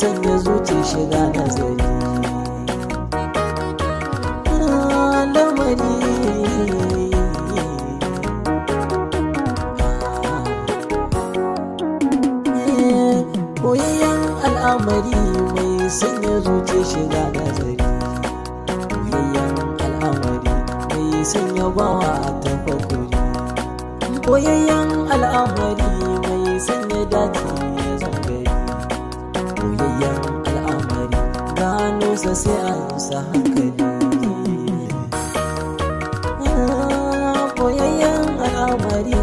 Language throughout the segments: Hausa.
sanya zuci shiga nazari lamari koyayyen al'amari mai sanya zuci shiga nazari koyayyen al'amari mai sanya bawa a tafakuri koyayyen al'amari mai sanya dace hausa sai a hausa hankali koyayyen ah, al'amari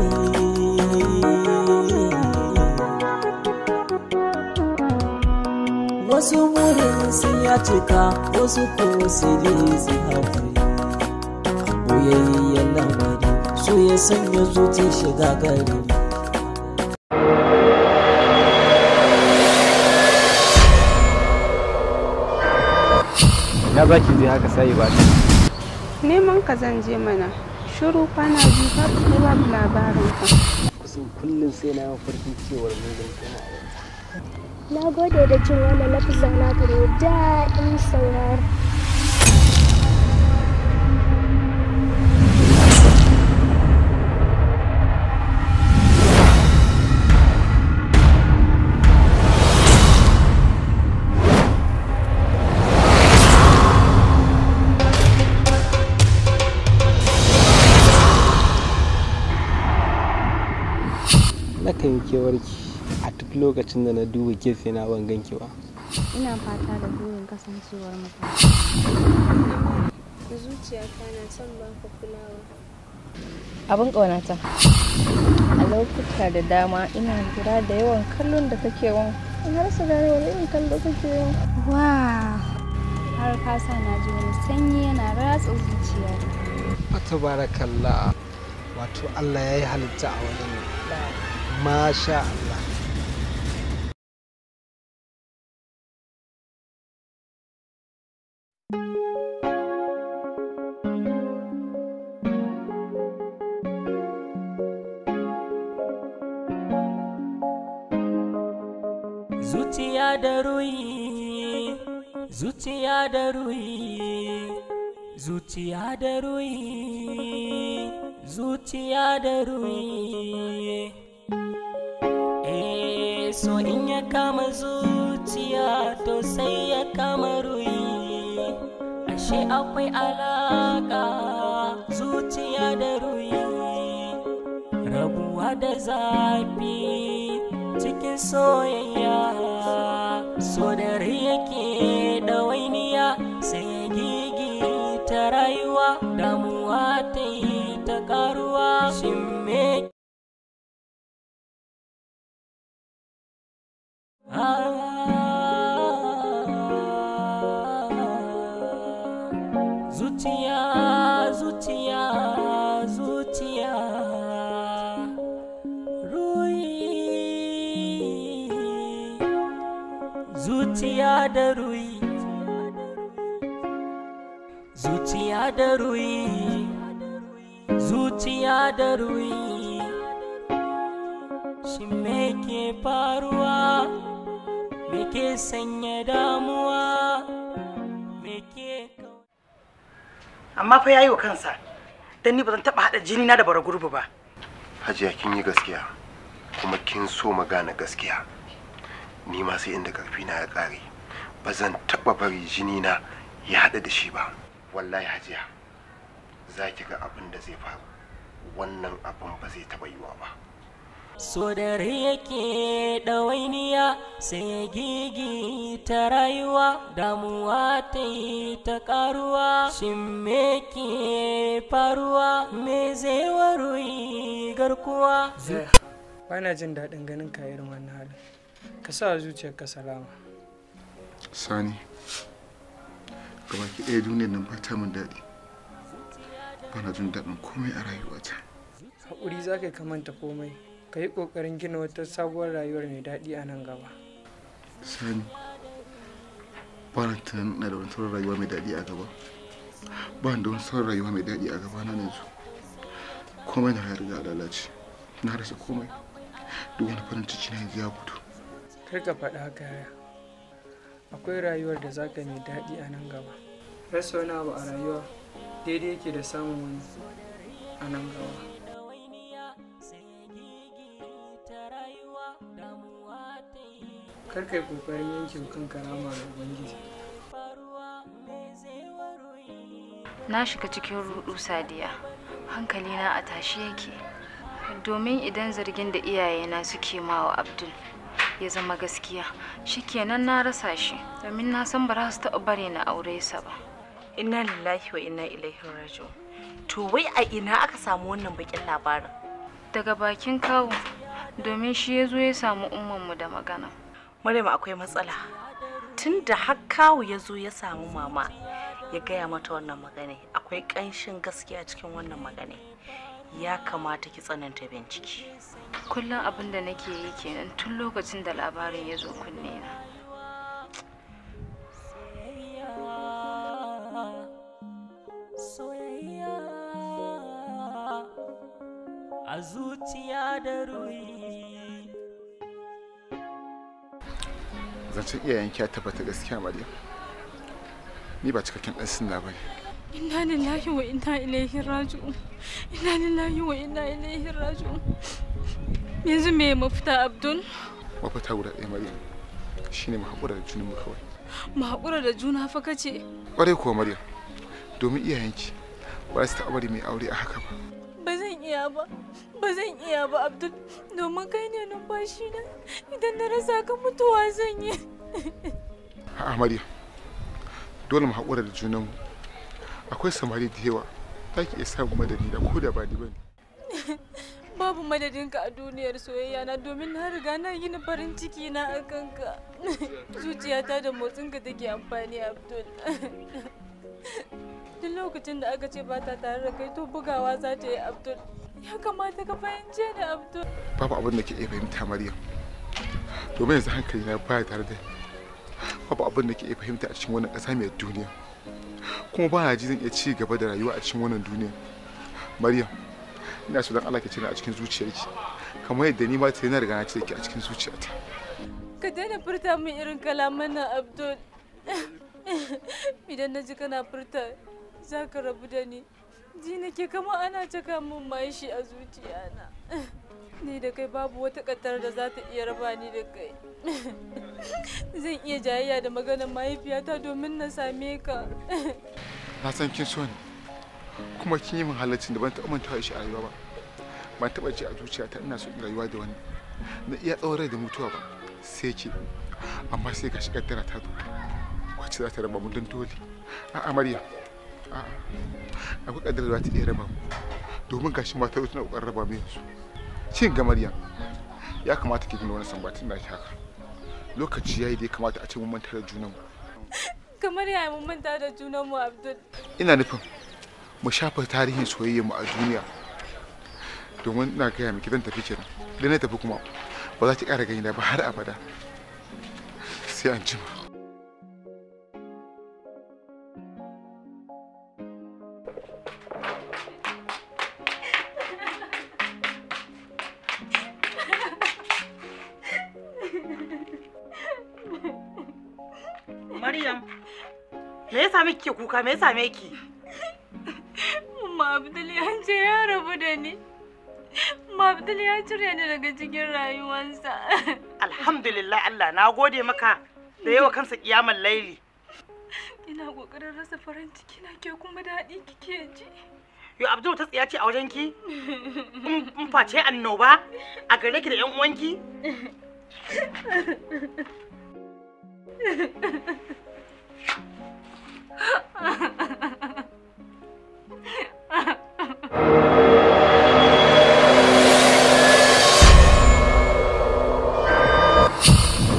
wasu wurin sun ya cika wasu ko siri su haƙuri koyayyen lamari su ya sanya zuci shiga gari ya ba ki je haka sai ba ta neman ka zan je mana shiru kwana biyu ba ku babu labarin ka kusan kullum sai na mafarkin cewar mugun kana na gode da jin wannan na naka da daɗin saurari kan kewarki a duk lokacin da na duba gefe na ban ganki ba ina fata da burin kasancewar mutum zuciyata na son baka kulawa abin ƙaunata a lokuta da dama ina lura da yawan kallon da kake wa in har su gane wani irin kallo kake wa wa har fasa na ji wani sanyi yana ratsa zuciya a tabarakallah wato allah ya yi halitta a wajen masha Allah zuciya da ruhi zuciya da ruhi zuciya da ruhi zuciya da ruhi so in ya kama zuciya to sai ya kama ruyi ashe akwai alaka zuciya da ruyi rabuwa da zafi cikin soyayya so da yake ɗawainiya sai ya ta rayuwa damuwa ta yi ta karuwa shi me Ah, zuciya zuciya zuciya ruyi zuciya da ruyi zuciya da ruyi zuciya da ruyi shi me ke faruwa ke sanya damuwa me amma fa yayi wa kansa dan ni ba zan taba hada jini na da bara ba hajiya kin yi gaskiya kuma kin so magana gaskiya ni ma sai inda karfi na ya kare bazan zan taba bari jini na ya hada da shi ba wallahi hajiya za ki ga abin da zai faru wannan abin ba zai taba yiwa ba so da yake ɗawainiya sai gigi ta rayuwa damuwa ta yi ta ƙaruwa shin me ke faruwa me zai yi garkuwa eh, bana jin daɗin ganin ka irin wannan halin ka sa ka salama sani gabaki ɗaya duniyar nan ba ta min daɗi bana jin daɗin komai a rayuwata haƙuri za ka manta komai ka yi ƙoƙarin gina wata sabuwar rayuwar mai daɗi a nan gaba sani ba na tunanin na da wani sauran rayuwa mai daɗi a gaba ba da wani sauran rayuwa mai daɗi a gaba na yanzu komai na riga lalace na rasa komai duk wani farin ciki na yanzu ya gudu kar ka faɗa haka yaya akwai rayuwar da za ka mai daɗi a nan gaba rasa wani abu a rayuwa daidai yake da samun wani a nan gaba kar yi kokarin yankin kan karama da ubangiji na shiga cikin rudu sadiya Hankali na a tashi yake domin idan zargin da iyayena suke mawa abdul ya zama gaskiya shi kenan na rasa shi domin na san ba su taɓa bare na aure sa ba inna lillahi wa inna ilaihi raju. to wai a ina aka samu wannan bakin labarin daga bakin kawo domin shi ya zo ya samu ummanmu da magana Maryam akwai matsala. Tun da hakkawu ya zo ya samu mama ya gaya mata wannan magana akwai ƙanshin gaskiya cikin wannan magana ya kamata ki tsananta bincike. Kullum abin da nake yi kenan tun lokacin da labarin ya zo kunne na. a zuciya da ruhi zancen iyayenki ya tabbata gaskiya Mariya Ni ba cikakken ɗan sunna ba ne. Inna lillahi wa inna ilaihi raji'un. Inna lillahi wa inna ilaihi raji'un. Yanzu me mafita Abdul? Mafita guda ɗaya Mariya Shine mu haƙura da junan kawai. Mu haƙura da juna fa kace? Ƙwarai kuwa Mariya Domin iyayenki ba su taɓa bari mai aure a haka ba. ba ba zan iya ba abdul domin kai ne numfashi na idan na rasa ka mutuwa zan yi amarya dole mu haƙura da junan mu akwai samari da yawa ta ke isa madadi da ko da ba ni ne. babu ka a duniyar soyayya na domin na riga na yi ni farin ciki na a kanka zuciyata da motsin ka take amfani abdul duk lokacin da aka ce ba ta tare da kai to bugawa za ta yi abdul Ya kamata ka fahimce ni Abdul. Babu abin da ke iya fahimta Maryam. Domin yanzu hankali na baya tare da babu abin da ke iya fahimta a cikin wannan ƙasa mai duniya. Kuma ba na ji zan iya ci gaba da rayuwa a cikin wannan duniya. Maryam, ina so don Allah ki cire a cikin zuciyarki. Kamar yadda ni ma ta yana riga na cire ki a cikin zuciyarta. Ka daina furta min irin kalaman nan Abdul. Idan na ji kana furta za ka rabu da ni. ji nake kama ana caka min shi a zuciya na ni da kai babu wata ƙatar da za ta iya raba ni da kai zan iya jayayya da maganar mahaifiyata domin na same ka na san kin so ni kuma kin yi min halaccin da ban taɓa mantawa shi a rayuwa ba ban taɓa ji a zuciyata ina so in rayuwa da wani na iya tsawon da mutuwa ba sai ki amma sai ga shi kaddara ta zo wacce za ta raba mu don dole a'a Maryam. akwai kadar da ta iya raba mu domin gashi ma ta tana kokarin raba mu yanzu shin ga ya kamata ki gina wani sambatin na haka lokaci yi da ya kamata a ce mun manta da junan mu kamar yaya mun manta da junan mu abdul ina nufin mu shafa tarihin soyayyar mu a duniya domin ina gaya miki zan tafi kenan idan na tafi kuma ba za ki ƙara gani ba har abada sai an jima kuka me same ki? Umma Abdul ya ce ni. cire ni daga cikin rayuwansa. Alhamdulillah Allah na gode maka da yawa kansa kiyamar laili. Ina kokarin rasa farin ciki na ke kuma daɗi kike ji. Yo Abdul ta tsaya ce a wajen ki? In face annoba a gare ki da ƴan uwanki?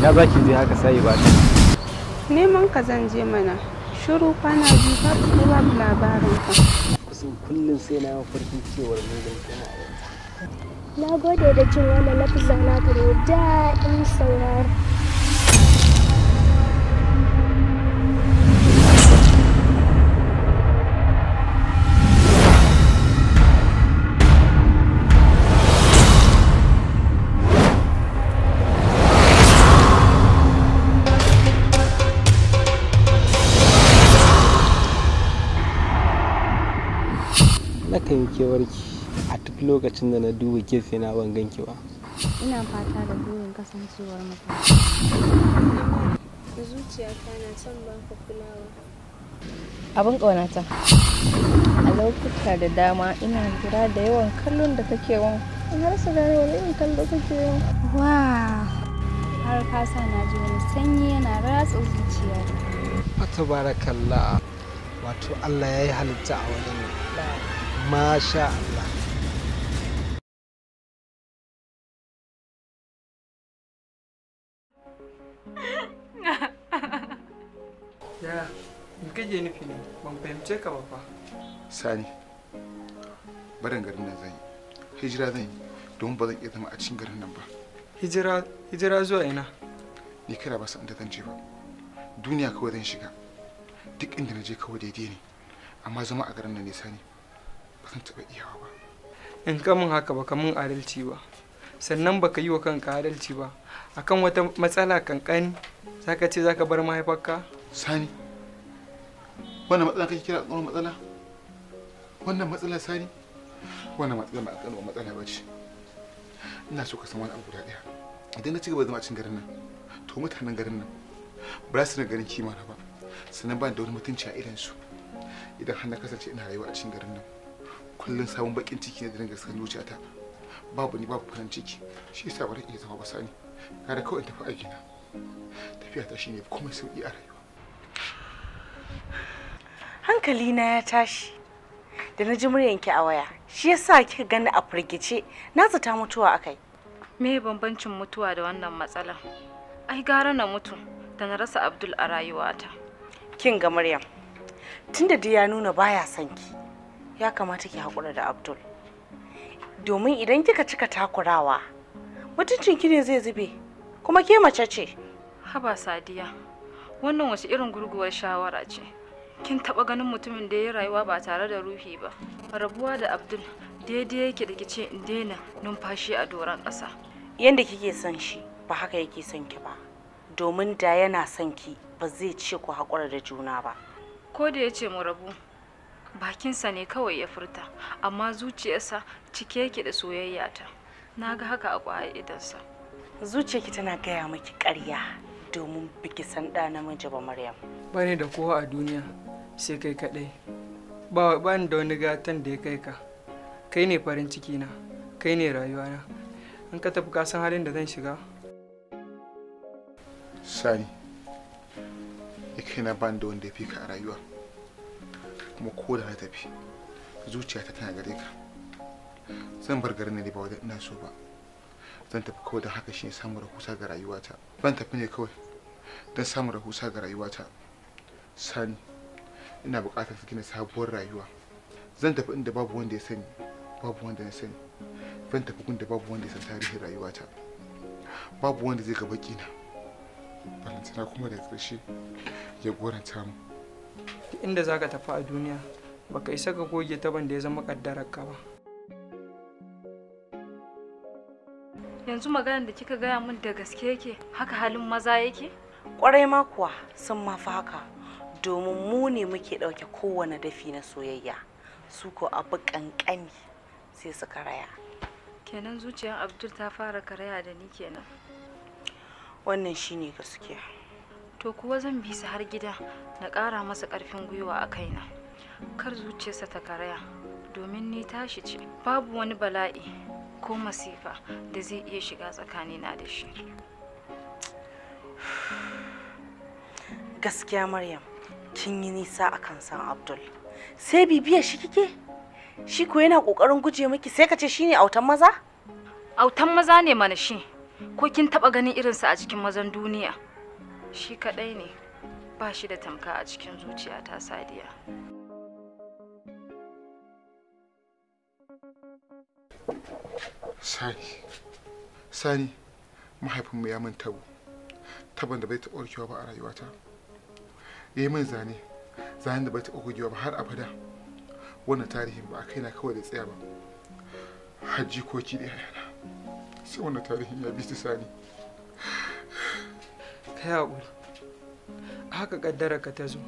Na za ki je haka sai ba Neman ka zan je mana. Shiru kwana biyu ba ku babu labarin ka. Kusan kullum sai na yi farkin cewar mugun tana Na gode da cin wannan Zana ka da daɗin sauraro. kan kewarki a duk lokacin da na duba gefe na ban ganki ba ina fata da burin kasancewar mutum zuciyata na son baka kulawa abin ƙaunata a lokuta da dama ina jira da yawan kallon da kake wa in har su gane wani irin kallo kake wa wa har kasa na ji wani sanyi yana ratsa zuciya ta tabarakallah wato Allah ya yi halitta a wani ne. masha Allah ya me kake nufi ne ban fahimce ka ba fa sani barin garin nan zan yi hijira zan yi don ba zan iya zama a cikin garin nan ba hijira hijira zuwa ina ni kira ba san da zan je ba duniya kawai zan shiga duk inda na je kawai daidai ne amma zama a garin nan ne sani ba taɓa iyawa ba in ka min haka ba ka adalci ba sannan baka yi wa kanka adalci ba akan wata matsala kankani zaka ce zaka bar mahaifarka sani wannan matsala kake kira tsoron matsala wannan matsala sani wannan matsala ba kanuwa matsala ba ce ina so ka san wani abu guda daya idan na ci gaba zama cikin garin nan to mutanen garin nan ba su na garin kima na ba sannan ba da wani mutunci a irin su idan har na kasance ina rayuwa a cikin garin nan kullum sabon bakin ciki ne da dinga san ata babu ni babu farin ciki shi yasa ba iya zama ba sani kada kawai tafi aiki na tafiya ta shine komai sauki a rayuwa hankali na ya tashi da na ji muryanki a waya shi yasa kika gani a firgice na ta mutuwa akai me bambancin mutuwa da wannan matsalar ai gara na mutu da na rasa abdul a rayuwata kin ga maryam tunda da ya nuna baya son ki ya kamata ki hakura da abdul domin idan kika cika takurawa mutuncin ki ne zai zube kuma ke mace ce haba sadiya wannan wace irin gurguwar shawara ce kin taɓa ganin mutumin da ya rayuwa ba tare da ruhi ba rabuwa da abdul daidai yake da kice in daina numfashi a doron ƙasa yanda kike son shi ba haka yake son ki ba domin da yana son ki ba zai ce ku hakura da juna ba ko da ya ce mu rabu bakinsa ne kawai ya furta amma zuciyarsa cike yake da soyayya ta na ga haka a ƙwaya idansa zuciyarki tana gaya miki ƙarya domin biki san ɗa namiji ba maryam ba ne da kowa a duniya sai kai kaɗai ba ba da wani gatan da ya kai ka kai ne farin ciki na kai ne rayuwa na in ka tafi ka san halin da zan shiga sani ya kai na ban da wanda ya fi ka a rayuwa kuma ko da na tafi zuciyata tana gare ka zan bar garin ne ba wajen ina so ba zan tafi kawai don haka ne samun rahusa ga rayuwata zan tafi ne kawai don samun rahusa ga rayuwata sani ina bukatar su gina sabuwar rayuwa zan tafi inda babu wanda ya sani babu wanda na sani zan tafi da babu wanda ya san tarihin rayuwata babu wanda zai gaba kina na balantana kuma da ƙarshe ya goranta mu inda za ka tafi a duniya baka isa ka goge taban da ya zama ƙaddararka ba yanzu maganar da kika gaya min da gaske yake haka halin maza yake kwarai ma kuwa sun mafi haka domin mu ne muke ɗauke kowane dafi na soyayya su ko abu ƙanƙani sai su karaya kenan zuciyar abdul ta fara karaya da ni kenan wannan shine gaskiya to kuwa zan bi su har gida na ƙara masa ƙarfin gwiwa a kaina kar zuciyarsa ta karaya domin ni tashi ce babu wani bala'i ko masifa da zai iya shiga tsakanina da shi gaskiya maryam kin yi nisa a kan san abdul sai bibiyar shi kike shi ko yana ƙoƙarin guje miki sai ka ce shine autan maza autan maza ne mana shi ko kin taɓa ganin irinsa a cikin mazan duniya shi kaɗai ne ba shi da tamka a cikin zuciyata sadiya sani sani mahaifinmu ya min tabo taban da bai taɓa warkewa ba a rayuwata ya yi min zane zane da bai taɓa gogewa ba har abada wannan tarihin ba a kai na kawai da tsaya ba hajji ko ki da yana sai wannan tarihin ya bi su sani kai haƙuri haka ƙaddara ka ta zo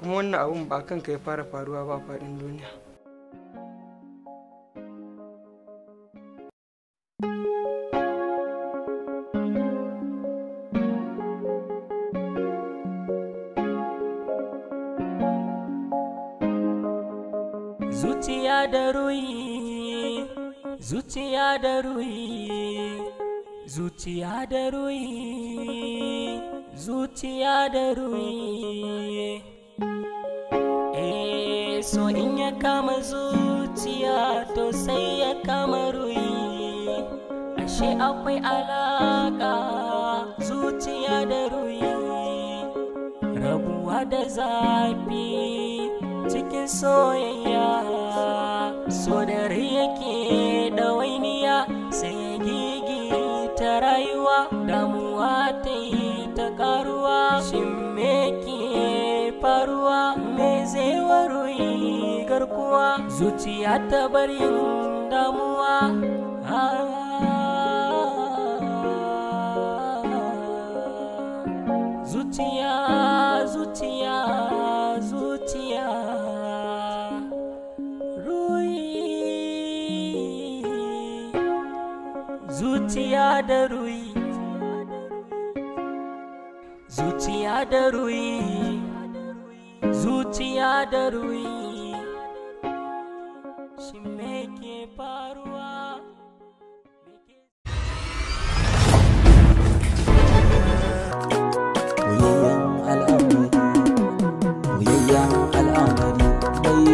kuma wannan abun ba kanka ya fara faruwa ba faɗin duniya zuciya da ruhi zuciya da ruhi zuciya da ruhi so in ya kama zuciya to sai ya kama ruyi ashe akwai alaka zuciya da ruyi rabuwa da zafi cikin soyayya so da riya damuwa zuciya ta bar yin damuwa zuciya zuciya zuciya ruyi zuciya da ruyi zuciya da ruyi zuciya da ruyi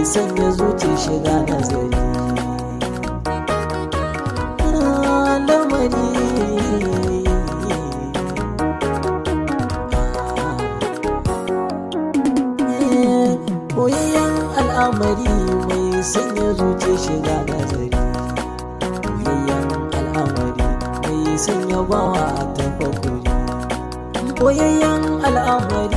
sanya zuci shiga nazari lamari koyayyen al'amari mai sanya zuci shiga nazari koyayyen al'amari mai sanya bawa a tafakuri koyayyen al'amari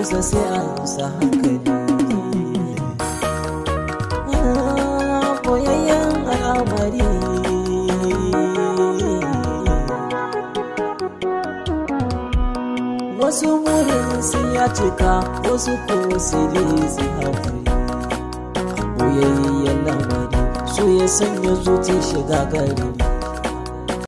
amsa sai amsa hankali ah, boyayyen al'amari wasu burin sun ya cika wasu ko siri su haƙuri boyayyen lamari su ya sanya zuci shiga gari